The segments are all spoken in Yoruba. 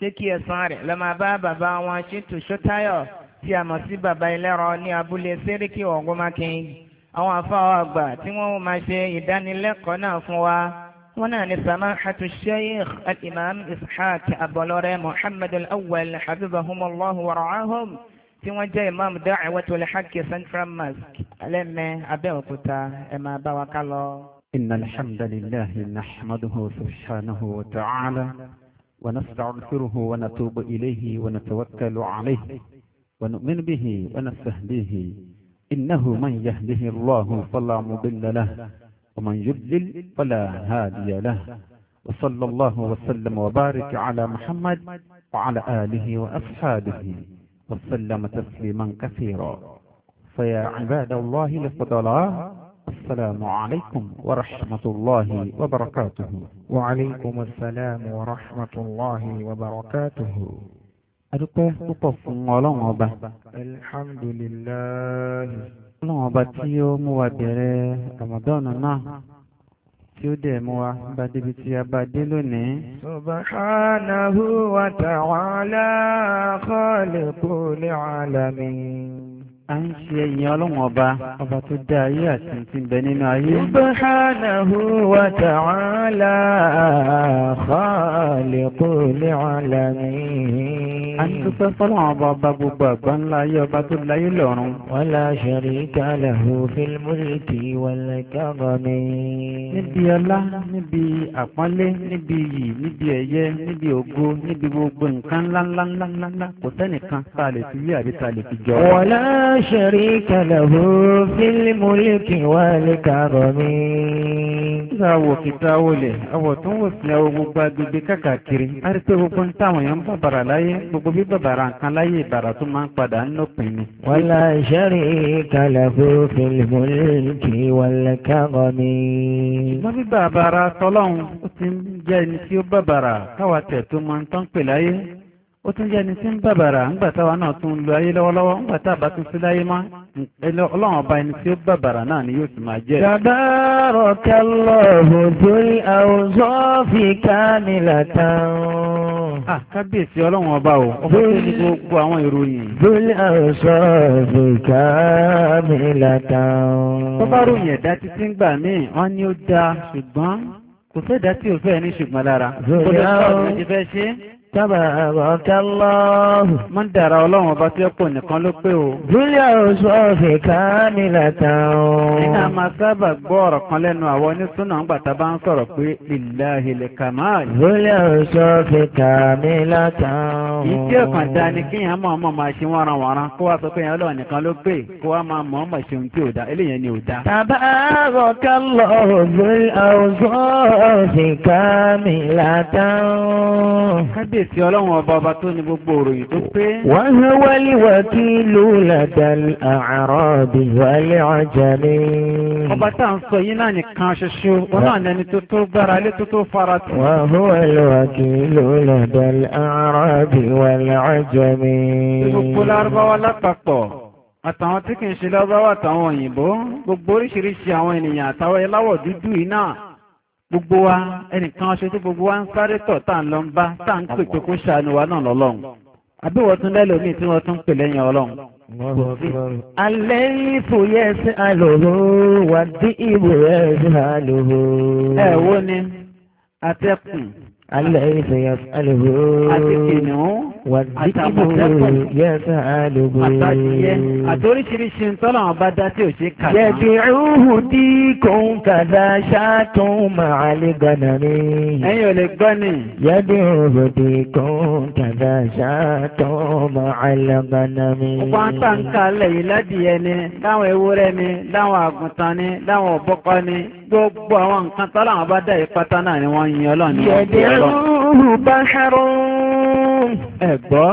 jẹ́ kí ẹ̀san rẹ̀ lọ máa bá bàbá wọn Ṣítù Ṣótáyọ̀ tí a mọ̀ sí bàbá ẹlẹ́rọ ní abúlé Séríkì Ògúnmákin àwọn afáwọ̀ àgbà tí wọ́n máa ṣe ìdánilẹ́kọ̀ọ́ náà fún wa wọ́n náà ní samahatu sheikh al-imam ishaq abọlọ́rẹ́ muhammad al-awwal habibahumullahu wa tí wọ́n jẹ́ imam da'watul haqqi central mosque alẹ́mẹ́ abẹ́òkúta ẹ̀ máa bá wa ká inna alhamdulillahi nahmaduhu subhanahu wa ta'ala. ونستغفره ونتوب إليه ونتوكل عليه ونؤمن به ونستهديه إنه من يهده الله فلا مضل له ومن يضلل فلا هادي له وصلى الله وسلم وبارك على محمد وعلى آله وأصحابه وسلم تسليما كثيرا فيا عباد الله لفضلاه السلام عليكم ورحمة الله وبركاته وعليكم السلام ورحمة الله وبركاته أدوكي تطف الله الحمد لله ọlọ́run ọba tí ó mú wa bẹ̀rẹ̀ ramadan náà tí ó dẹ̀ mú wa bá débi tí a bá dé lónìí. subhanahu wa ta'ala khaliqul alamin a ń ṣe ẹ̀yìn ọlọ́run ọba ọba tó dá ayé àti ti bẹ nínú ayé. subhanahu wa ta'ala khaliqul alamin. a ń dúpẹ́ fọlọ́run ọba ọba gbogbo àgbà ńlá ayé ọba tó láyé lọ́run. wala sharika lahu fil mulki wal karami. níbi ọlá níbi àpọ́nlé níbi iyì níbi ẹ̀yẹ níbi ògo níbi gbogbo nǹkan ńláńláńláńlá kò sẹ́nìkan tá a lè fi wí àbí tá a lè fi jọ. wọ́lá شريك له في الملك والكرم sáwò kìtàwò lẹ̀ àwọ̀ tó ń wò sí àwọn gbogbo agbègbè kákàkiri a rí pé gbogbo ń táwọn èèyàn ń bàbàrà láyé gbogbo bí bàbàrà nǹkan láyé ìbàrà tó máa ń padà ń lópin ni. wala sharika lahu fil mulki wal karami. ṣùgbọ́n bí bàbàrà tọ́lọ́hún ó ti ń jẹ́ ẹni tí ó bàbàrà káwa tẹ̀ tó máa ń tán pè láyé ó tún jẹ́ ẹni tí ń bàbàrà ńgbà náà tún lo ayé lọ́wọ́lọ́wọ́ ńgbà tá a bá tún sí láyé mọ́ ọlọ́run ọba ẹni tí ó bàbàrà náà ni yóò sì máa jẹ́. Tabarakallahu dhul awsafi kamilatan. kábíyèsí ọlọ́run ọba o ọba tó ní gbogbo àwọn ìròyìn. dhul awsafi kamilatan. bọ́bá ròyìn ẹ̀dá títí ń gbà míì wọ́n ní ó dáa ṣùgbọ́n kò fẹ́ dá tí ò fẹ́ ní ṣùgbọ́n lára. kò lè fọ́ ti fẹ́ ṣe é. Tabarakallahu. Mọ́ dára ọlọ́run ọba tí ó pò nìkan ló pé o. Júlíà oṣù ọ̀fẹ́ káàmìlà tán o. Iná máa sábà gbọ́ ọ̀rọ̀ kan lẹ́nu àwọn onísúnà ńgbà tá a bá ń sọ̀rọ̀ pé lillahil kamal. Júlíà oṣù ọ̀fẹ́ káàmìlà tán o. Ìdí ọ̀kan dá ni kí yẹn mọ̀ ọmọ máa ṣe wọ́nran wọ̀nran kó wá sọ pé yẹn ọlọ́run nìkan ló pé kó wá máa mọ̀ ọmọ ṣeun tí ò dá eléyẹn Kábíyèsí kíyèsí ọlọ́run ọba ọba tó ní gbogbo òròyìn tó pé. wọ́n ń wálé wá kí ìlú ladal àárọ̀bì wálé ọjà mi. ọba tá à ń sọ yìí náà nìkan ṣoṣo wọn náà lẹni tó tó gbára lé tó tó fara tì. wọ́n ń wálé wá kí ìlú ladal àárọ̀bì wálé ọjà mi. gbogbo lárúbáwá lápapọ̀ àtàwọn tí kì í ṣe lárúbáwá àtàwọn òyìnbó gbogbo oríṣiríṣi àwọn ènìyàn àtàwọn ẹláwọ̀ dúdú yìí náà gbogbo wa ẹnìkan ṣe tí gbogbo wa ń sáré tọ̀ tá à ń lọ ń bá tá à ń pè pé kó ṣàánú wa náà lọ́lọ́run àbí wọ́n tún lẹ́lò míì tí wọ́n tún pè lẹ́yìn ọlọ́run. alẹ́ ìfò yẹ sí àlòrò wà dí ìbò yẹ sí àlòrò. ẹ wo ni atẹ́kùn. alẹ́ ìfò yẹ sí àlòrò. àti kìnìún àtòríṣiríṣi tọ́lọ̀ ọba dá tí ò ṣe kà. Yẹ̀bí rúhù tí kò ń kàdá ṣáàtún màá lè gbọ́nà mi. Ẹ̀yin ò lè gbọ́ ni. Yẹ̀bí rúhù tí kò ń kàdá ṣáàtún màá Gbogbo àwọn nǹkan tọ́lọ̀ ọba dá ìpátá náà ni wọ́n yin ọlọ́run. Yẹ̀bí rúhù bá ṣàrùn ẹ̀gbọ́.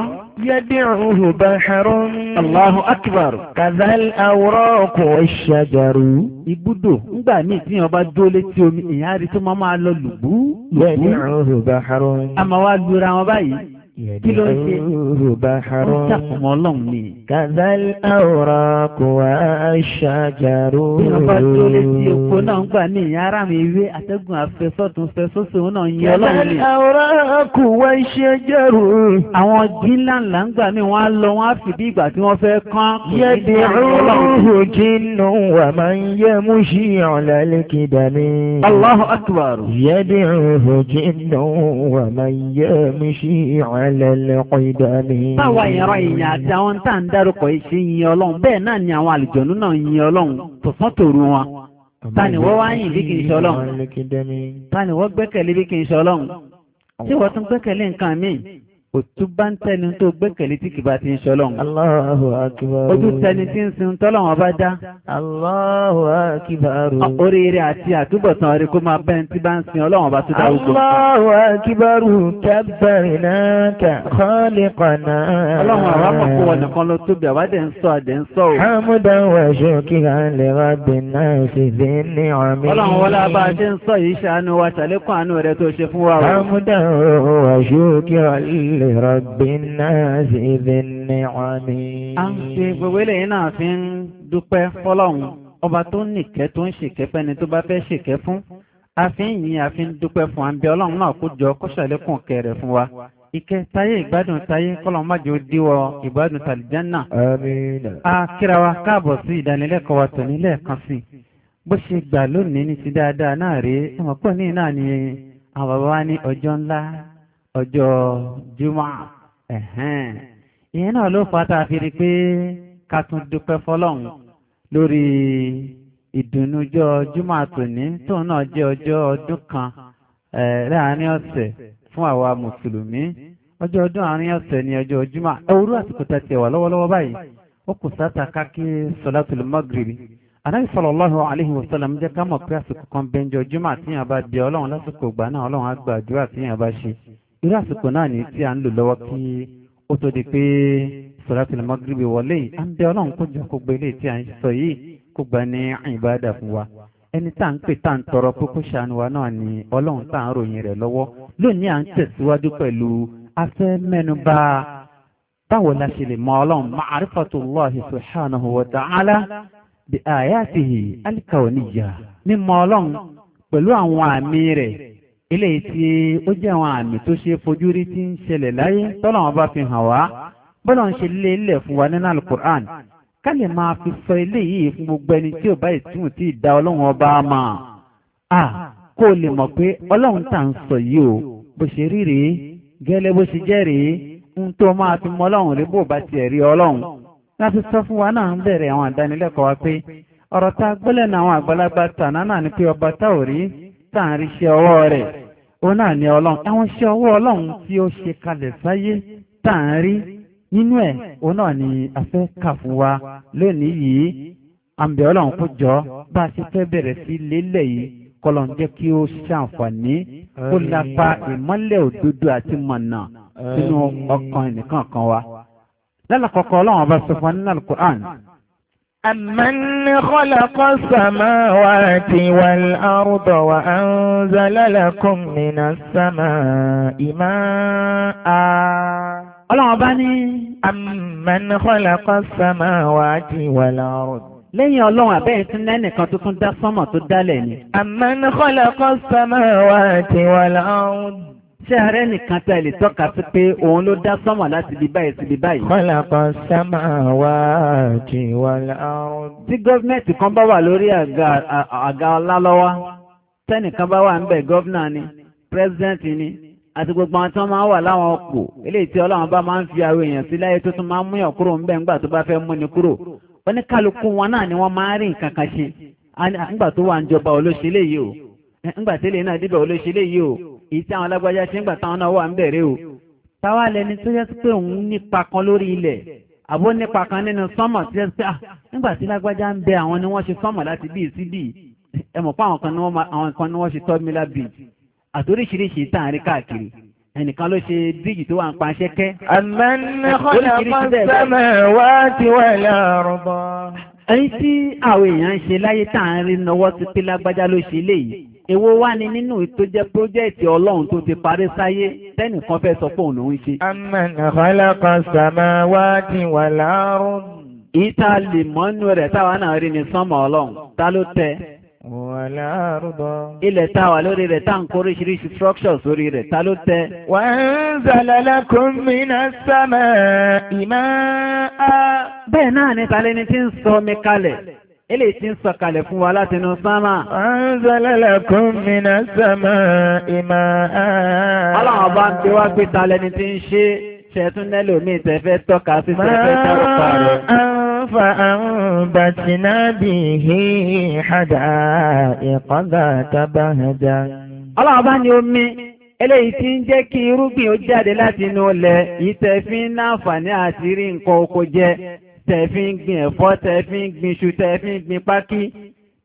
Yẹ́dìrúhù bá ṣarún. Allahu Akbar. Kazal awraqu ash-shajaru. Ibùdó ńgbà míì tí yàn bá dó létí omi ìyá rí tó máa máa lọ lùgbú. Yẹ́dìrúhù bá ṣarún. A máa wá lura wọn báyìí kí ló ń ṣe ó ṣàkùnmọ́ ọlọ́run ni. kazal awura kò wá ṣàjàrò. bí wọ́n bá tó létí oko náà ń gbà ní ìyá ara mi wé àtẹ́gùn àfẹ́ sọ́tún fẹ́ sóṣù òun náà ń yẹ ọlọ́run ni. kazal awura kò wá àwọn jínlá ńlá ń gbà ní wọ́n á lọ wọ́n á fìdí ìgbà tí wọ́n fẹ́ kán. yẹ́dì rúhù jínú wà máa ń yẹ mú sí ọ̀la lẹ́kìdá mi. Allahu akbar. yẹ́dì rúhù jínú wà máa ń yẹ mú sí ọ̀la على wa táwa ìran èèyàn àti àwọn tá ń dárúkọ ìṣe yin ọlọ́run bẹ́ẹ̀ náà àwọn àlùjọ̀nú náà yin ọlọ́run tọ̀sán tòru wọn tani wọ́n wá yìn bí kì ṣe ọlọ́run gbẹ́kẹ̀lé bí kì ṣe ọlọ́run tí wọ́n tún gbẹ́kẹ̀lé nǹkan tó gbẹ́kẹ̀lé tí bá ti ń ojú tẹni tí ń sin tọ́lọ́run akibaru. Oríire àti àtúbọ̀tán orí kó máa bẹ́ẹ̀ tí bá ń sin ọlọ́run bá tó dárúgbò. Allahu akibaru kabbarinaka khaliqana. Ọlọ́run àwa mọ̀ kó wọn nìkan ló tóbi àwa dẹ̀ ń sọ àdẹ̀ ń sọ o. Hamdan wa shukran li rabbin nasi bi ni'ami. Ọlọ́run wọlé abá ṣe ń sọ yìí ṣàánú wa ṣàlékún àánú rẹ tó ṣe fún wa o. Hamdan wa shukran li rabbin nasi bi ni'ami. À ń ṣe gbogbo ń ọba tó ń nìkẹ́ tó ń ṣèkẹ́ fẹ́ni tó bá fẹ́ ṣèkẹ́ fún àfi ń yìn àfi ń dúpẹ́ fún àbí ọlọ́run náà kó jọ kó ṣàlékún kẹrẹ fún wa ìkẹ́ táyé ìgbádùn táyé kọ́lọ̀n má jò díwọ ìgbádùn tàlìjánà a kíra wa káàbọ̀ sí ìdánilẹ́kọ̀ọ́ wa tòní lẹ́ẹ̀kan sí bó ṣe gbà lónìí ní ti dáadáa náà rèé ẹ̀wọ̀n pọ̀ ní náà ni àwọn bàbá wa ní ọjọ́ ńlá ọjọ́ jùmọ̀ ẹ̀hẹ́n ìyẹn náà ló fà á tá fi rí i pé ká tún dúpẹ́ fọlọ́run lórí ìdùnnújọ́ júmọ̀ àtòní tóun náà jẹ́ ọjọ́ ọdún kan láàrin ọ̀sẹ̀ fún àwa mùsùlùmí ọjọ́ ọdún àárín ọ̀sẹ̀ ni ọjọ́ júmọ̀ ẹwúrú àsìkò tá tiẹ̀ lọ́wọ́lọ́wọ́ báyìí ó kù sáta kákí sọlátùl mọ́gìrì anábì sallallahu alaihi jẹ́ ká mọ̀ pé àsìkò kan bẹ́ńjọ júmọ̀ àtìyàn bá di ọlọ́run lásìkò ìgbà náà ọlọ́run á gbàdúrà à sọ̀rọ̀tì magribi wọlé yìí à ń bẹ ọlọ́run kó jọ kó gbé ilé tí a ń sọ yìí kó gba ní ìbáàdà fún wa ẹni tá à ń pè tá à ń tọrọ kókó ṣàánú wa náà ni ọlọ́run tá à ń ròyìn rẹ̀ lọ́wọ́ lónìí à ń tẹ̀síwájú pẹ̀lú afẹ́ mẹ́nubà báwo la ṣe lè mọ ọlọ́run ma'rifatullahi subhanahu wa ta'ala bi ayatihi al-kawniyya mímọ̀ ọlọ́run pẹ̀lú àwọn àmì rẹ̀ eléyìí tí ó jẹ́ àwọn àmì tó ṣe fojú rí tí ń ṣẹlẹ̀ láyé tọ́lọ́run bá fi hàn wá bọ́lá ń ṣe lé ilẹ̀ fún wa nínú alukur'an ká lè máa fi sọ eléyìí fún gbogbo ẹni tí ò bá ìtumù tí ì da ọlọ́run ọba mà á kó o lè mọ̀ pé ọlọ́run tà ń sọ yìí o bó ṣe rí rèé gẹ́lẹ́ bó ṣe jẹ́ rèé ń tó máa fi mọ ọlọ́run rí bó bá tiẹ̀ rí ọlọ́run láti sọ fún wa náà ń bẹ̀rẹ̀ àwọn àdánilẹ́kọ̀ọ́ wa pé ọ̀rọ̀ tá a gbọ́lẹ̀ ní àwọn àgbàlagbà tàná náà ni pé ọba tá ò rí tá ń rí iṣẹ́ ọwọ́ rẹ̀ òun náà ni ọlọ́run àwọn iṣẹ́ ọwọ́ ọlọ́run tí ó ṣe kalẹ̀ sáyé tá ń rí nínú ẹ̀ òun náà ni a fẹ́ kà fún wa lónìí yìí àǹbẹ̀ ọlọ́run kó jọ bá a ṣe fẹ́ bẹ̀rẹ̀ sí lélẹ̀ yìí kọlọ̀ ń jẹ́ kí ó ṣàǹfààní kó lápá ìmọ́lẹ̀ òdodo àti mọ̀nà sínú ọkàn ẹnìkan kan wa. lálàkọ̀kọ́ ọlọ́run ọba sọ fún wa nínú alukur'an. أمن خلق السماوات والأرض وأنزل لكم من السماء ماءً ọlọ́run bá ní amman khalaqa samawati wal ard lẹ́yìn ọlọ́run àbẹ́yìn tún lẹ́nìkan tó tún dá sánmọ̀ tó dálẹ̀ ni. amman khalaqa samawati wal ard ṣé ààrẹ nìkan tẹ́ lè tọ́ka sí pé òun ló dá sánmọ̀ láti bí báyìí sí bí báyìí. khalaqa samawati wal ard. tí gọ́ọ̀mẹ̀ntì kan bá wà lórí àga ọlá lọ́wọ́ tẹ́nìkan ni pírẹ́sidẹ́ǹtì ni àti gbogbo àwọn tí wọ́n máa wà láwọn ọ̀pọ̀ eléyìí tí ọlọ́run bá máa ń fi àwọn èèyàn sí láyé tó tún máa ń múyàn kúrò ńbẹ̀ ńgbà tó bá fẹ́ múni kúrò wọ́n ní kálukú wọn náà ni wọ́n máa ń rí nǹkan kan ṣe ńgbà tó wà ń jọba olóṣèlú yìí o ńgbà tẹ́lẹ̀ náà débẹ̀ olóṣèlú yìí o èyí tí àwọn alágbájá ṣe ńgbà táwọn náà wà ń bẹ̀rẹ̀ o táwa lẹni tó yẹ pé òun nípa kan lórí ilẹ̀ àbó nípa kan nínú sọ́mọ̀ tó yẹ pé ńgbà ah, tí lágbájá ń bẹ àwọn ni wọ́n ṣe sọ́mọ̀ láti bíi sí ẹ mọ̀ pé àwọn kan ni wọ́n ṣe tọ́ mi lábì àtoríṣiríṣi táàrin káàkiri ẹnìkan ló ṣe bíjì tó wà ń paṣẹ kẹ́. àmẹ́ni kọ́lẹ̀ sẹ́mẹ̀ wá ti wà lárúbọ. ẹni tí àwọn èèyàn ń ṣe láyé táàrin náwó ti pé lágbájá ló ṣe léyìí èwo wá ní nínú tó jẹ́ pírójẹ́ẹ̀tì ọlọ́run tó ti parí sáyé tẹ́nìkan fẹ́ sọ fóun lòún ṣe. àmẹ́ni kọ́lẹ̀ sẹ́mẹ̀ wá ti wà lárúbọ. ìta lè mọ́nú rẹ̀ táwa náà rí ni sánmọ̀ ọlọ́run ta ló tẹ wọ̀lá àrùbọ̀. ilẹ̀ tá a wà lórí rẹ̀ tá ń kó oríṣiríṣi structures orí rẹ̀ ta ló tẹ. wọ́n ń zàlálà kún mi náà sámà ìmọ̀ á. bẹ́ẹ̀ náà ni talẹ́ ni ti ń sọ mi kalẹ̀ ilé tí ń sọ̀kalẹ̀ fún wa láti inú sámà. Anzalalakum minas sama'i ma'an. Ọlọ́run bá ń pè wá pé talẹ́ni tí ń ṣe ṣẹ̀tún nẹ́lòmíì tẹ́fẹ́ tọ́ka sí tẹ́fẹ́ tẹ́rù parẹ́. فأنبتنا به حدائق ذات بهجة الله بني أمي. eléyìí tí ń jẹ́ kí irúgbìn ó jáde láti inú ilẹ̀ yìí tẹ̀fín náàfàní àti rí nǹkan oko jẹ tẹ̀fín gbin ẹ̀fọ́ tẹ̀fín gbin iṣu tẹ̀fín gbin pákí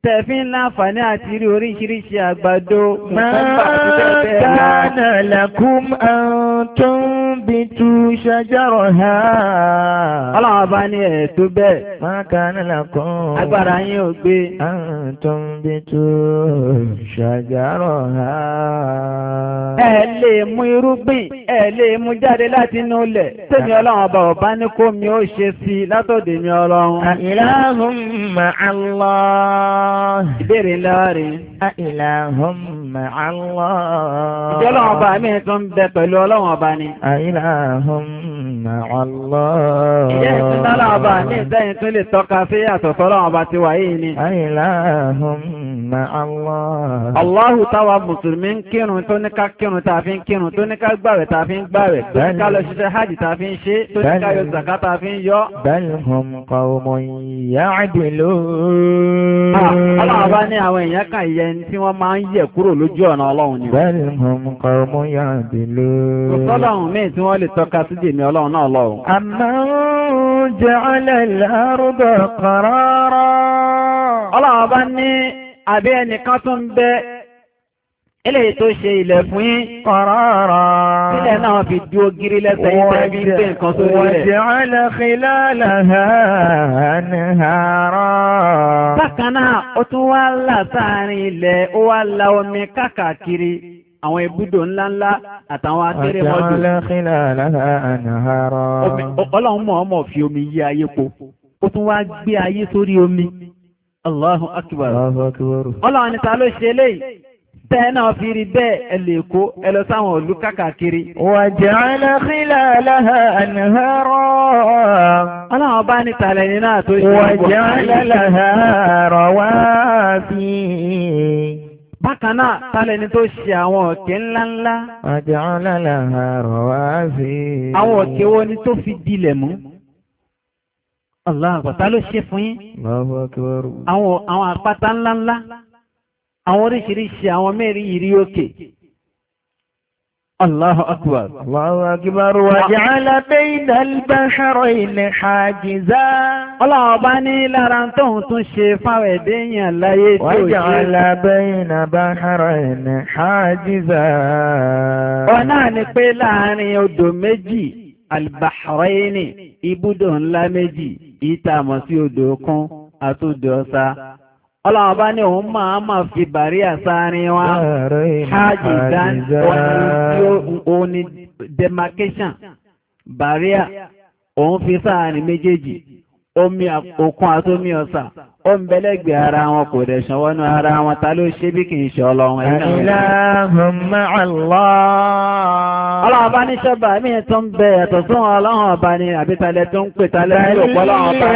tẹ̀fí láǹfààní àti rí oríṣiríṣi àgbàdo mọ́kànlá lakum antum bitu shajaraha ọlọ́wọ́ bá ní ẹ̀ẹ́tó bẹ́ẹ̀ mọ́kànlá lakum agbára yín ò gbé antum bitu shajaraha ẹ̀ lè mú irúgbìn ẹ̀ lè mú jáde láti inú ilẹ̀ tẹ́mi ọlọ́wọ́ bá ọ̀bá ní kó mi ó ṣe sí látọ̀dẹ̀ mi ọlọ́run ilahum ma'allah Ìbéèrè ńlá rẹ̀. Àìláhùn màálọ́. Ìjọ́ ọlọ́run ọba mi tó ń bẹ pẹ̀lú ọlọ́run ọba ni. Àìláhùn màálọ́. Ìjẹ́ ìtúndá ọlọ́run ọba mi sẹ́yìn tún lè tọ́ka sí àtọ̀tọ̀ ọlọ́run ọba ti wà yìí ni. Àìláhùn màálọ́. Allahu táwa Mùsùlùmí ń kírun tó ní ká kírun tá a fi ń kírun tó ní ká gbàwẹ̀ tá a fi ń gbàwẹ̀ tó ní ká lọ Ọlọ́ọ̀bá ní àwọn èèyàn kan yẹ tí wọ́n máa ń yẹ̀ kúrò lójú ọ̀nà ọlọ́run ni. Bẹ́ẹ̀ni mo mú kọ mú yà dìlé. Kò sọ́lọ́run míì tí wọ́n lè tọ́ka sí jèmi ọlọ́run náà lọ́run. Àmọ́ jẹ́ ọlẹ́ ìlàrúbọ̀ kọ̀rọ̀rọ̀. Ọlọ́ọ̀bá ní àbí ẹnìkan tó ń bẹ eléyìí tó ṣe ilẹ̀ fún yín kọ̀rọ̀rọ̀ sílẹ̀ náà fi dúó gírí lẹ́sẹ̀ ìtẹ́ bí gbé nǹkan sórí rẹ̀ wọ̀jẹ̀ ọlọ́kìlá làhánihàrọ̀ bákan náà ó tún wá là sáàrin ilẹ̀ ó wá la omi káàkiri àwọn ibùdó ńláńlá àtàwọn akérèmọdò wọ̀jẹ̀ ọlọ́run mọ̀ ọmọ fi omi yí ayé po ó tún wá gbé ayé sórí omi Allahu akbar ọlọ́run ni ta ló ṣe eléyìí tẹ́ẹ̀nà fi rí bẹ́ẹ̀ ẹlẹ́ èkó ẹlọ sáwọn òlú kákàkiri. wàjẹ́ aláhílà aláha àníhárọ̀. aláwọ̀ bá ní tààlẹ̀ ní náà tó ṣe wàjẹ́ aláha rọ̀wá fi. bákan náà tààlẹ̀ ní tó ṣe àwọn òkè ńláńlá. wàjẹ́ aláha rọ̀wá fi. àwọn òkè wo ni tó fi dilẹ̀ mú. Allah àgbàtà ló ṣe fún yín. Àwọn àpáta ńláńlá àwọn oríṣiríṣi àwọn mẹ́rin ìrí òkè Allahu akbar. Allahu akbar wa ja'ala bayna al-bahrayni hajiza. Ọlọ́wọ́ bá ní lára tóhun tún ṣe fáwẹ̀ déyàn láyé tí ó ṣe. Wa ja'ala bayna bahrayni hajiza. Ọ̀nà ni pé láàrin Ọlọ́run bá ní òun máa máa fi bàrí àsáárín wa ṣáàjì dán òun ni demarcation bàríà òun fi sáàárín méjèèjì. omi òkun àtómi ọ̀sà ó ń bẹ́lẹ́gbẹ̀ ara wọn kò dẹ̀ ṣanwọ́nú ara wọn ta ló ṣe bí kìí ṣe ọlọ́run ọlọ́run bá ní ṣọ́bà mí tó ń bẹ ẹ̀tọ̀ tó wọn ọlọ́run ọba ni àbítalẹ̀ tó ń pè talẹ̀ ní òpọ́lọ́run ọba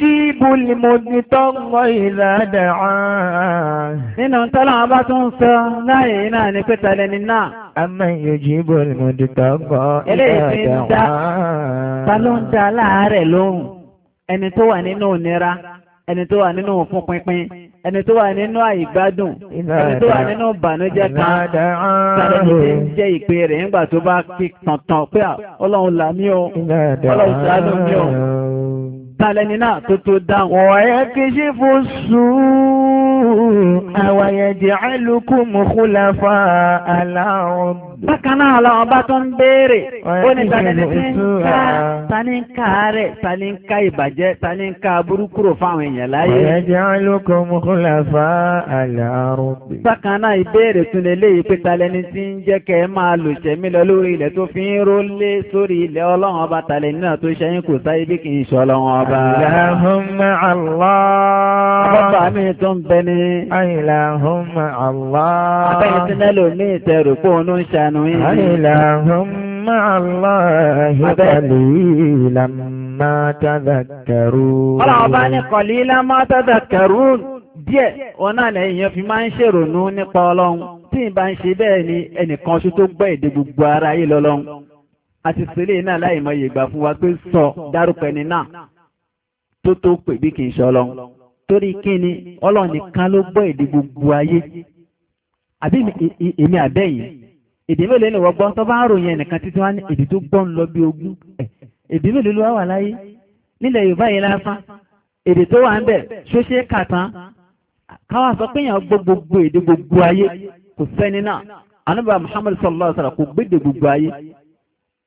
jí ibùlì mo ti tọ́ ìlàdà án nínú tọ́lọ́wọ́ bá tún ń sọ láyé náà ní pẹ́tàlẹ́ ní náà. Amman yujibul mudtarra eléyìí ń dá ta ẹni tó wà nínú àìgbádùn ẹni tó wà nínú ìbànújẹ́ kan tàbí ti ń jẹ́ ìpè rẹ̀ nígbà tó bá kí tàntàn pé ọlọ́run là o ọlọ́run ṣàánú mí o. Tàlẹ́ni náà tó tó dáhùn. Wọ̀nyẹ́ kí ṣe fò sùúrù, àwàyẹ̀ jẹ́ àìlúkù mùkúlàfà aláhùn. Bákan náà làwọn bá tó ń béèrè, ó ní tàlẹ́ni tí ń ká, tani ń ká rẹ̀, tani ń ká ìbàjẹ́, tani ń ká burúkúrò fáwọn èèyàn láyé. Wọ̀nyẹ́ jẹ́ àìlúkù mùkúlàfà aláhùn. Bákan náà ìbéèrè tún lè léyìí pé ọba. الله Allah. Ọba mi tó ń bẹ ní. Àìláhùnmá Allah. الله tí mẹ́lò تذكرون ìtẹ̀rù قليلا ما تذكرون ń ṣàánú yìí. Àìláhùnmá Allah. Abẹ́yẹ ìlànà tàdàkẹ̀rù. Ọlọ́ọ̀bá ní kọ̀lí ìlànà tàdàkẹ̀rù díẹ̀ wọn náà lẹ́yìn yẹn fi máa ń ṣèrònú nípa ọlọ́run tí ìbá ń ṣe bẹ́ẹ̀ ni ẹnìkan ṣó tó gbọ́ èdè gbogbo ara yìí lọ́lọ́run àti sílé náà láì mọ ìyègbà fún wa pé sọ dárúkọ ẹni náà tó tó pè bí kì í ṣe ọlọ́run torí kí ni ọlọ́run nìkan ló gbọ́ èdè gbogbo ayé àbí èmi àbẹ́yìn èdè mélòó ni wọ́n gbọ́ tó bá ń ròyìn ẹnìkan títí wá ní èdè tó gbọ́ ń lọ bí ogún eh, èdè mélòó ló wà láyé nílẹ̀ Yorùbá yìí lásán èdè tó wà ń bẹ̀ ṣóṣe kàtán káwá sọ pé èèyàn gbọ́ gbogbo èdè gbogbo ayé kò sẹ́ni náà anábì wa Muhammad sallallahu alaihi wasallam kò gbogbo ayé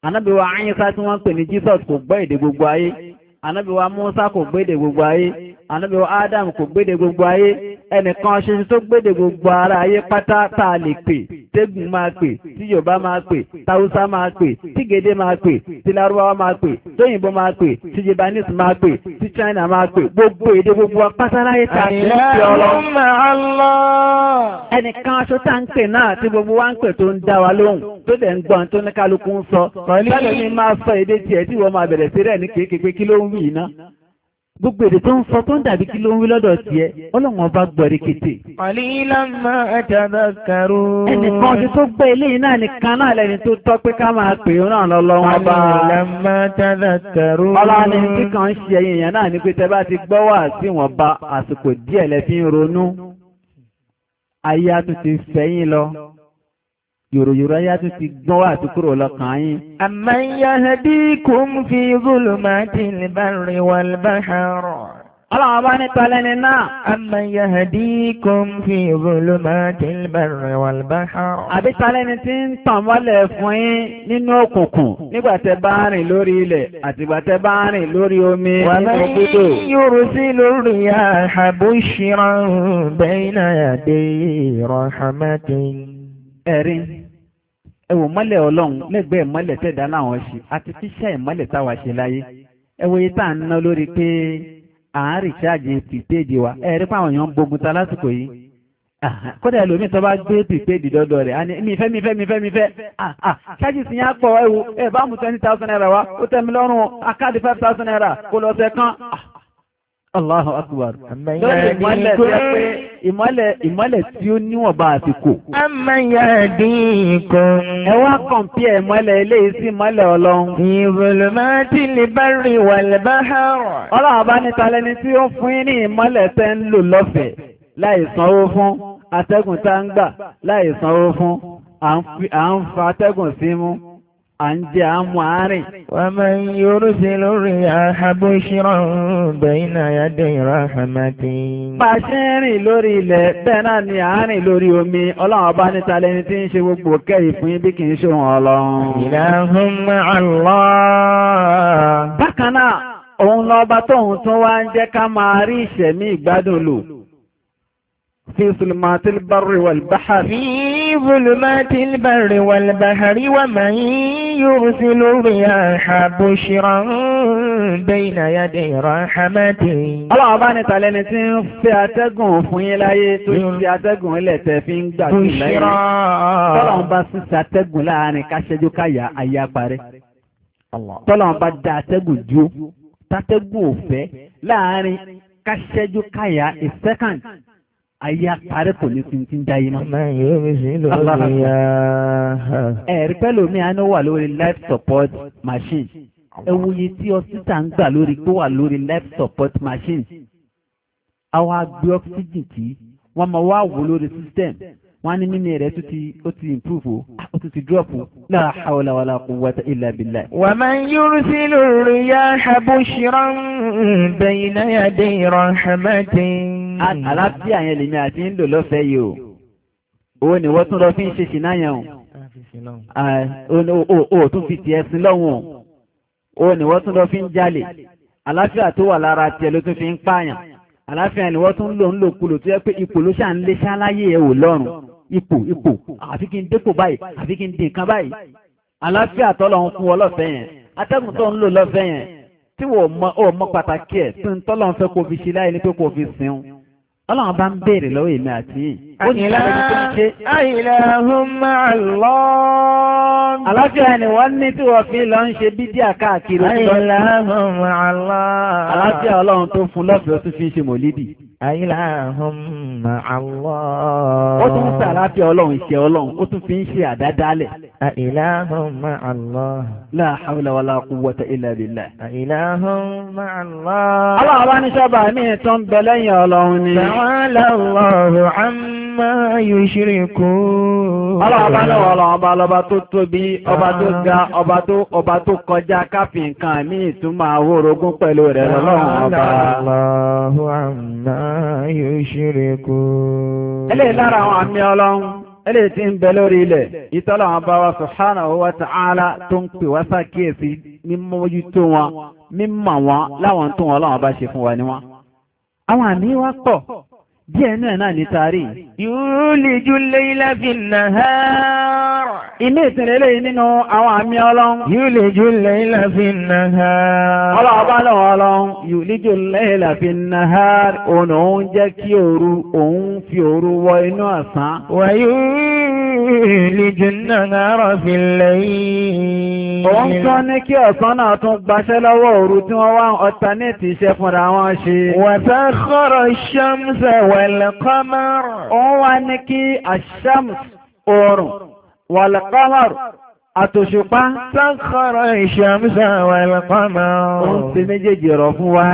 anábì wa ayinṣá tí wọ́n ń pè ní Jesus kò gbọ́ èdè gbogbo ayé anábíwa Musa kò gbédè gbogbo ayé anábíwa Adam kò gbédè gbogbo ayé ẹnìkan ṣoṣo tó gbédè gbogbo ara ayé pátá tá a lè pè tẹ́gùn máa pè tí yorùbá máa pè táwùsá máa pè tí gèdè máa pè tí lárúbáwá máa pè tóyìnbó máa pè tí japanese máa pè tí china máa pè gbogbo èdè gbogbo apátá láyé tá a ti ń pè ọlọ. ẹnìkan aṣọ tá ń pè náà tí gbogbo wa ń pè tó ń dá wa lóhùn tó dẹ̀ ń gbọ́n tó ní kálukú ń sọ. pẹ̀lú máa sọ èdè tiẹ̀ tí wọ́n máa bẹ̀rẹ̀ sí rẹ̀ ní kéékèèké kí ló ń wí iná gbogbo èdè tó ń sọ tó ń dàbí kí ló ń wí lọ́dọ̀ tiẹ̀ ọlọ́run ọba gbọ̀rí kété. ọ̀lìlá máa àjàdá kàrú. ẹnìkan ọdún tó gbé eléyìí náà nìkan náà lẹni tó tọ́ pé ká máa pè é náà lọ́lọ́run ọba. ọ̀lìlá máa àjàdá kàrú. ọlọ́run ẹni tí kan ń ṣe ẹyin èèyàn náà ni pé tẹ bá ti gbọ́ wà sí wọn ba àsìkò díẹ̀ lẹ ronú. ayé a tún ti fẹ́yìn lọ yòròyòrò ayá tún ti gbọ́n wá àti kúrò lọ́kàn yín. amman yahdikum fi zulumatil barri wal bahr. ọlọ́run bá nípa lẹ́ni náà. amman yahdikum fi zulumatil barri wal bahr. àbí talẹ́ni tí ń tàn mọ́lẹ̀ fún yín nínú òkùnkùn nígbà tẹ́ bá rìn lórí ilẹ̀ àtìgbà tẹ́ bá rìn lórí omi nínú gbódò. wa man yursilu riyaha bushran bayna yaday rahmatihi. ẹ̀rín ẹ wò mọ́lẹ̀ ọlọ́run lẹ́gbẹ̀ẹ́ mọ́lẹ̀ tẹ̀dá làwọn ṣe àti fíṣẹ́ ìmọ́lẹ̀ táwa ṣe láyé ẹ wò yìí tá à ń ná lórí pé àárín ṣáàjì pìpéèdì wa ẹ rí fáwọn èèyàn ń gbógun ta lásìkò yìí kódà ẹlòmíì tó bá gbé pìpéèdì dọ́dọ̀ rẹ̀ á ní mi fẹ́ mi fẹ́ mi fẹ́ mi fẹ́ ṣáàjì sì yẹn á pọ̀ ẹ wò ẹ bá mú twenty thousand naira wa ó tẹ́ mi lọ́rùn akáàdì five thousand naira kó lọ sẹ́kán ah, Allahu Akbar. Lórí ìmọ́lẹ̀ tí a pé ìmọ́lẹ̀ ìmọ́lẹ̀ tí ó níwọ̀nba àsìkò. A máa yà dín kan. Ẹ wá kọ̀m̀pí ẹ̀ mọ́lẹ̀ eléyìí sí mọ́lẹ̀ ọlọ́run. Ìbòlò máa ti lè bá rí ìwà lẹ́bá hàn. Ọlọ́run bá ní talẹ́ni tí ó fún yín ní ìmọ́lẹ̀ tẹ́ ń lò lọ́fẹ̀ẹ́ láì sanwó fún atẹ́gùn tá ń gbà láì sanwó fún à ń fa atẹ́gùn sí à ń jẹ àmú àárín. Wa man yursil riyaha bushran bayna yaday rahmati. Bá a ṣe ń rìn lórí ilẹ̀ bẹ́ẹ̀ náà ni àárín lórí omi ọlọ́run ọba níta lẹni tí ń ṣe gbogbo kẹ́yì fún yín bí kì í ṣe òun ọlọ́run. Ilahum Allah. Bákan náà, òun lọ́ba tóun tún wá ń jẹ́ ká máa rí ìṣẹ̀mí ìgbádùn lò. في ظلمات البر والبحر في ظلمات البر والبحر ومن يرسل الرياح بشرا بين يدي رحمته الله bá ní tàlẹ́ni tí ń fẹ́ atẹ́gùn fún yín láyé tó ń fi atẹ́gùn ilẹ̀ tẹ́ fi ń gbà jù lẹ́yìn tọ́lọ̀ ń bá sísẹ atẹ́gùn láàrin káṣẹ́jú káyà ayá parẹ́ tọ́lọ̀ ń bá da atẹ́gùn jó tátẹ́gùn òfẹ́ láàrin káṣẹ́jú káyà a second ayé àkàrẹ́ kò ní tuntun ń jáyé mọ́. máa yóò mi sí lórí ya. ẹ̀rí pẹ́lú mi àná wà lórí life support machine ẹ wo iye tí ọsítà ń gbà lórí tó wà lórí life support machine àwọn agbé oxygen tí wọ́n máa wá wò lórí system wọ́n á ní mímí rẹ̀ tó ti ó ti improve ah, ó tún ti drop la hawla wala quwwata illa billah. wa man yursilu riyaha bushran bayna yaday rahmatin. àlàáfíà yẹn lèmi àti ń lò lọ́fẹ̀ẹ́ yìí o owó ni wọ́n tún lọ fi ń ṣe ṣìnà yẹn o ah, ò tún fi tiẹ̀ sí lọ́wọ́n o owó ni wọ́n tún lọ fi ń jalè àlàáfíà tó wà lára tiẹ̀ ló tún fi ń pààyàn àláfíà ni wọ́n tún lò ń lò kulò tó yẹ pé ipò ló ṣà ń lé ṣáláyé ẹ̀ wò lọ́rùn ipò ipò àfi kí n dépò báyìí àfi kí n dín nǹkan báyìí àláfíà tọ́lọ̀ ń fún ọ lọ́fẹ̀ẹ́ yẹn atẹ́gùn tó ń lò lọ́fẹ̀ẹ́ yẹn tí wọ́n mọ pàtàkì ẹ̀ tó ń tọ́lọ̀ ń fẹ́ kó fi ṣe láyé ní pé kó fi sìn ọlọ́run bá ń béèrè lọ́wọ́ èmi àti yìí ó ní ìlànà tó ń ṣe. àìlàhùnmá Allah. àlàáfíà ni wọ́n ní tí wọ́n fi lọ ń ṣe bídíà káàkiri. àìlàhùnmá Allah. àlàáfíà ọlọ́run tó fún lọ́fẹ̀ẹ́ tó fi ń ṣe mòlídìí àìláhùn màálọ́. ó tún ń sàlàfíà ọlọ́run ìṣẹ́ ọlọ́run ó tún fi ń ṣe àdádálẹ̀. àìláhùn màálọ́. la hawla wala quwwata illa billah. àìláhùn màálọ́. aláwọ̀ bá ní sábà mí tó ń bẹ lẹ́yìn ọlọ́run ni. ta'ala Allahu amma yushrikun. aláwọ̀ bá lọ́wọ́ ọlọ́run ọba lọ́ba tó tóbi ọba tó ga ọba tó ọba tó kọjá káfíǹkan mí ìtumọ̀ àwòrógún pẹ̀lú rẹ̀ lọ́lọ́run ọba. ta'ala Allahu amma. yushrikun. eléyìí lára àwọn àmì ọlọ́run eléyìí tí ń bẹ lórí ilẹ̀ ìtọ́lọ̀ àwọn bá wa wa ta'ala tó ń pè wá sàkíyèsí mímójútó wọn mímọ̀ wọn láwọn tó wọn ọlọ́run bá ṣe fún wa ni wọn. àwọn àmì wa pọ̀ díẹ̀ náà náà ní taari. Yúlíjú léílá fi nàhárà. Ilé ìtìrẹ lè nínú àwọn àmì ọlọ́run. Yúlíjú léílá fi nàhárà. Ọlọ́ọ̀bá lọ́wọ́ ọlọ́run. Yúlíjú léílá fi nàhárà. Òun òun jẹ́ kí òru òun fi òru wọ inú àsán. Wà yúlíjú nàhárà fi lẹ́yìn. Òun tán ní kí ọ̀sán náà tún gbaṣẹ́ lọ́wọ́ òru tí wọ́n wá ọ̀tánẹ́ẹ̀tì iṣẹ́ fúnra wọn ṣe. Wà wàlẹ̀kọ́mọ́rù. Òun wá ní kí àṣàmù oòrùn wàlẹ̀kọ́mọ́rù àtòṣùpá. Sánkọ́rọ̀ ìṣàmùsà wàlẹ̀kọ́mọ́rù. Ó ń ṣe méjèèjì rọ̀ fún wa.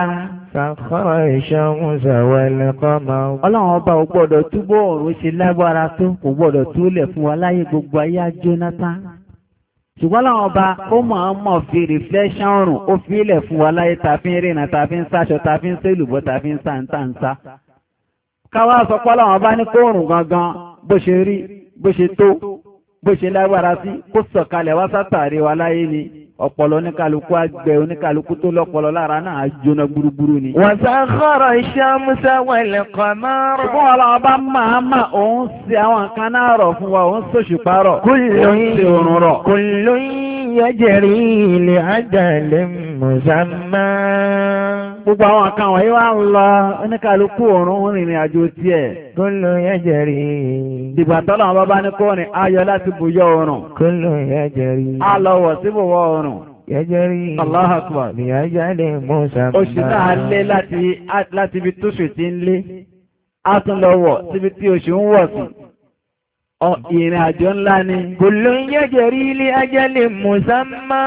Sàkọ́rọ̀ ìṣàmùsà wàlẹ̀kọ́mọ́rù. Ọlọ́run ọba ò gbọ́dọ̀ túbọ̀ òòrùn ṣe lágbára tó kò gbọ́dọ̀ tó lẹ̀ ṣùgbọ́n láwọn ọba ó mọ̀ ọ́n mọ̀ fi rìflẹ́ṣán ọ̀rùn ó fi ilẹ̀ fún wa láyé tàbí rìnà tàbí sáṣọ tàbí ń sẹ́lùbọ́ tàbí ń káwá sọ pé ọlọ́run bá ní kóòrùn gangan bó ṣe rí bó ṣe tó bó ṣe lágbára sí kó sọ̀kalẹ̀ wá sátàrí wa láyé ni ọpọlọ oníkàlùkù àgbẹ oníkàlùkù tó lọ́pọlọ lára náà jóná gbúrúgbúrú ni. wa sakhara ash-shamsa wal-qamara. ṣùgbọ́n ọlọ́run bá máa ma òun ṣe àwọn nǹkan náà rọ̀ fún wa òun ṣòṣùpá rọ̀. kullun kullun yajri li ajalin gbogbo àwọn kan wọ̀nyí wá ń lọ oníkàlùkù òórùn rìnrìn àjò tiẹ̀. kúlù yẹn jẹ̀rí. dìgbà tọ́lọ̀ wọn bá ní kó ní ayọ̀ láti bùyọ òórùn. kúlù yẹn jẹ̀rí. a lọ wọ̀ síbùwọ̀ òórùn. yẹjẹrí. Allahu Akbar. ìyájáde Musa mọ́. oṣù náà lé láti ibi tóṣù ti ń lé. a tún lọ wọ̀ síbi tí oṣù ń wọ̀ sí ìrìn àjò ńlá ni. Kùlù ń yẹ́jẹ̀ rí ilé ajẹ́lè mùsàmá.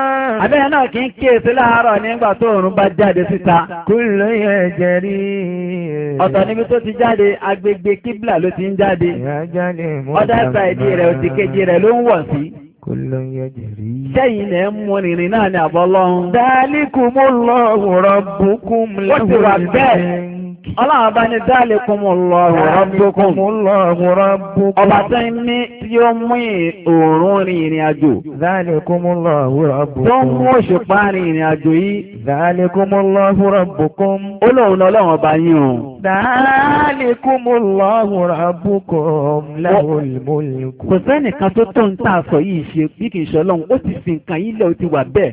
Abẹ́rẹ́ náà kì í kíyèsí láàárọ̀ nígbà tó òòrùn bá jáde síta. Kùlù ń yẹ́jẹ̀ rí. Ọ̀tọ̀ níbi tó ti jáde agbègbè kíbla ló ti ń jáde. Ajẹ́lè mùsàmá. Ọ̀dà ìsàìdí rẹ̀ òtì kejì rẹ̀ ló ń wọ̀ sí. Kùlù ń yẹ́jẹ̀ rí. Sẹ́yìn lẹ̀ ń mú rìnrìn náà ní àbọ̀lọ́run. Dálíkùmù lọ́wọ́ rọ̀ Ọlọ́run bá ní dáàlékún Allahu rabbukum. Ọba tẹ́ ní tí ó mú òòrùn rin ìrìn àjò. Dáàlékún Allahu rabbukum. Tó mú òṣùpá rin ìrìn àjò yìí. Dáàlékún Allahu rabbukum. Ó lóun lọ́lọ́run ọba yín o. Dáálíkúmúlọ́hùn rábùkùn lẹ́wọ̀lmọ́lẹ́kù. Kò sẹ́nìkan tó tó ń tà sọ yìí ṣe bí kìí ṣe ọlọ́run, ó ti fi nǹkan yìí lẹ̀ ó ti wà bẹ́ẹ̀.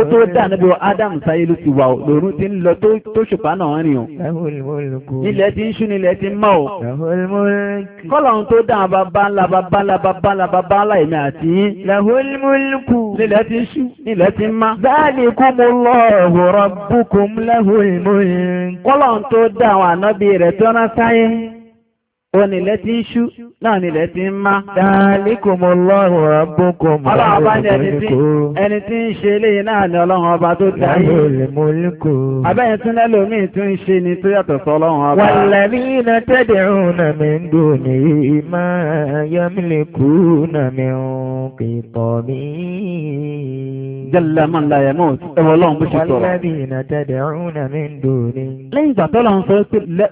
Ó tó dá níbi Ádámù sáyé ló ti wà ó, lòrùn ti ń lọ tó ṣùpá náà rìn o. Ilẹ̀ ti ń ṣú ni ilẹ̀ ti ń mọ́ o. Kọ́lọ̀hún tó dá bàbá ńlá bàbá ńlá tó dá àwọn ànábì rẹ̀ tó rán sáyé Oni ilẹ̀ ti ń ṣú, náà ni ilẹ̀ ti ń má. Dáálíkùmù lọ́rùn rabbukum. Ọlọ́run ọba ní ẹni tí ẹni tí ń ṣe eléyìí náà ni ọlọ́run ọba tó dáyé. Abẹ́yẹn tún lẹ́lòmíì tún ń ṣe ni tó yàtọ̀ sọ ọlọ́run ọba. Walladhina tad'una min Lẹ́yìn ìgbà tọ́lọ́run sọ pé lẹ́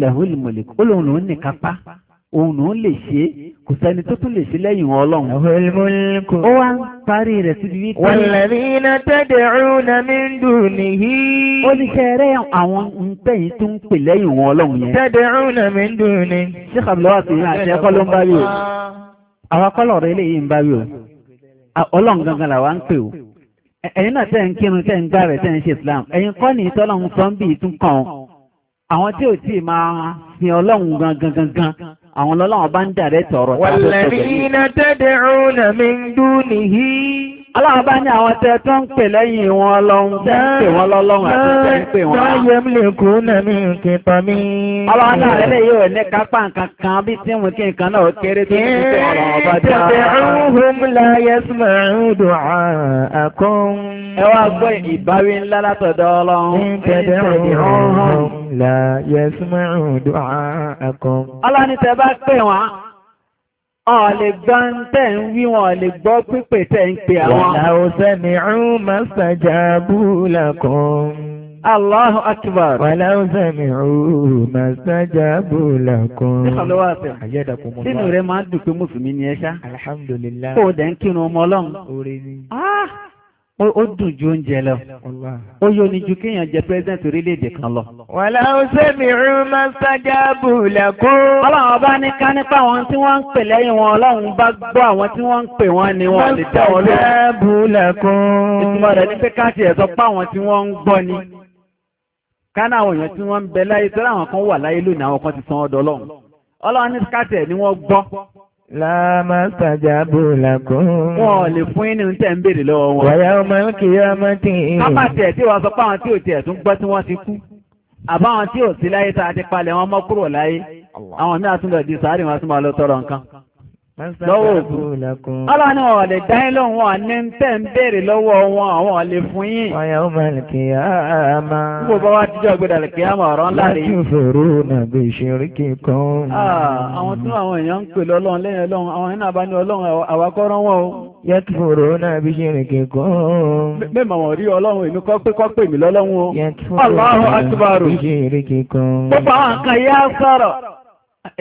lahul mulk ó lòun lòun ní kápá òun lòun lè ṣe kò sẹ́ni tó tún lè ṣe lẹ́yìn ọlọ́run. ó wá ń parí rẹ̀ síbi wípé. walladhina tad'una min dunihi. ó ní ṣe rẹ́ àwọn ntẹ̀yìn tó ń pè lẹ́yìn ọlọ́run yẹn. tad'una min dunihi. ṣé kàbílọ́wà sí àti ẹ̀kọ́ ló ń bá rí o. àwọn akọ́lọ̀ eléyìí ń bá rí ọlọ́run gangan làwa ń pè o. ẹ̀yin náà tẹ̀ ń kírun tẹ̀ ń gbá rẹ̀ tẹ̀ ń àwọn tí ò tí ì máa sin ọlọ́run gangan gangan àwọn ọlọ́run bá ń dàrẹ́ tọ̀rọ̀ tàbí ọ̀tọ̀ Aláàbá ní àwọn tẹ́ tó ń pè lẹ́yìn wọn lọ́hun, pè wọ́n lọ́lọ́hun àti tẹ́ ń pè wọ́n. Wọ́n yẹ mú lè kú náà ní ìkẹta mí. Ọlọ́run náà lẹ́lẹ̀ yóò ní kápá nǹkan kan bí tí mú kí nǹkan náà kéré tó ti pẹ̀ ọ̀rọ̀ ọba jẹ́. Tẹ̀bẹ̀rúhùn láyé Ismail dùn àkọ́n. Ẹ wá gbọ́ ìbáwí ńlá látọ̀dọ̀ Ọlọ́run. Tẹ̀bẹ̀rúhùn láyé Ismail dùn àkọ́n. Ọlọ́run ni tẹ bá pè wọ́n. Ọ̀lẹ̀ gbáńtẹ̀ ń wí wọn lè gbọ́ pípè tẹ́ ń pè àwọn. Wàláwọ̀ sẹ́mi rún máa sàjábù lakum. Allahu akbar. Wàláwọ̀ sẹ́mi rún máa sàjábù lakum. Sínú rẹ̀ máa dùn pé Mùsùlùmí ni ẹ ṣá. Alhamdulillah. Kó dẹ̀ ń kírun ọmọ ọlọ́run. Oore ni. Ah! ó dùn ju oúnjẹ lọ ó yóò ní ju kéèyàn jẹ president orílẹ̀-èdè kan lọ. wàlá ó sẹ́mi rún mọ́sájáàbù lẹ́kún. ọlọ́run ọba ní ká nípa àwọn tí wọ́n ń pè lẹ́yìn wọn ọlọ́run bá gbọ́ àwọn tí wọ́n ń pè wọ́n ni wọ́n lè dá wọn lóhùn. mọ́sájáàbù lẹ́kún. ìtumọ̀ rẹ̀ ní pé káàtì ẹ̀ sọ pé àwọn tí wọ́n ń gbọ́ ni. káná àwọn èèyàn tí wọ́n ń bẹ láyé tó láwọn kan wà láyé lónìí àwọn kan ti san ọdọ ọlọ́run ọlọ́run ní káàtì ẹ̀ ni wọ́n gbọ́ Láàmà sàjábò làkún. Wọ́n lè fún inú tẹ́ ń bèèrè lọ́wọ́ wọn. Wọ̀yá ọmọ ń kí ọmọ tí ń. Ká máa tẹ̀ tí wọ́n sọ pé àwọn tí ò tiẹ̀ tún gbọ́ tí wọ́n ti kú. Àbáwọn tí ò sí láyé tá a ti palẹ̀ wọn mọ́ kúrò láyé. Àwọn míì àtúndọ̀ di sàárè wọn tún máa lọ tọrọ nǹkan lọ́wọ́ òkú ọlọ́wọ́ ni wọ́n lè dáyé lóhun wọn ní tẹ́ ń béèrè lọ́wọ́ wọn àwọn lè fún yín ọ̀yà ó máa lè kíyàmá púpọ̀ bá wá tíjọ́ gbẹ̀dà lè kíyàmá ọ̀rọ̀ ńlá rí láti fòrò nàbẹ̀ ìṣẹ́rí kíkan àwọn tí àwọn èèyàn ń pè lọ́lọ́run lẹ́yìn ọlọ́run àwọn iná bá ní ọlọ́run àwakọ́rọ́ wọn o yẹtùfòrò náà bí ṣe rìn kíkan mẹ́mọ̀ wọ̀n rí ọlọ́run èmi kọ́ pé kọ́ pè mí lọ́lọ́run o yẹtùfòrò náà bí ṣe rìn kíkan gbogbo àwọn kan yá sọ̀rọ̀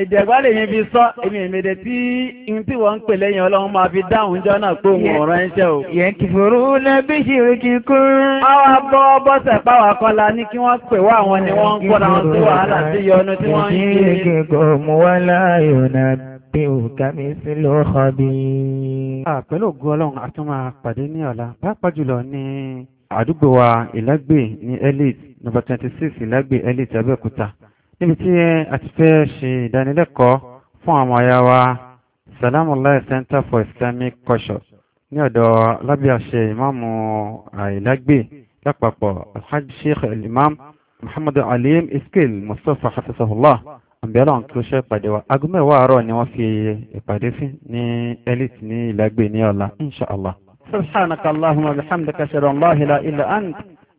ìjẹ̀gbá lè yín fi sọ èmi ìmèdè tí n tí wọ́n ń pè lẹ́yìn ọlọ́run máa fi dáhùn jọ náà pé òun ọ̀rọ̀ ẹ̀ṣẹ̀ o. yẹn kì fòrò lẹ́bí ṣèrè kí n kú. àwa bọ́ bọ́sẹ̀ páwà kan ní kí wọ́n pè wá àwọn ni wọ́n ń kọ́ra wọn sí wàhálà sí yọnu tí wọ́n ń ṣe. kí kò mú wá láàyò náà bí òkà mi sí ló kọ́ bí. pẹ̀lú ògùn níbi tí a ti fẹ́ ṣe ìdánilẹ́kọ̀ọ́ fún àwọn ọ̀yá wa salamullah center for islamic culture ní ọ̀dọ̀ lábíàṣẹ ìmáàmù àìlágbé lápapọ̀ alhaji sheikh al-imam muhammadu alim iskil mustapha hafizahullah àbẹ̀rẹ̀ àwọn tó ṣe ìpàdé wa aago mẹ́wàá àárọ̀ ni wọ́n fi ìpàdé sí ní elite ní ìlágbé ní ọ̀la insha allah allahumma bihamdika ashhadu an la ilaha illa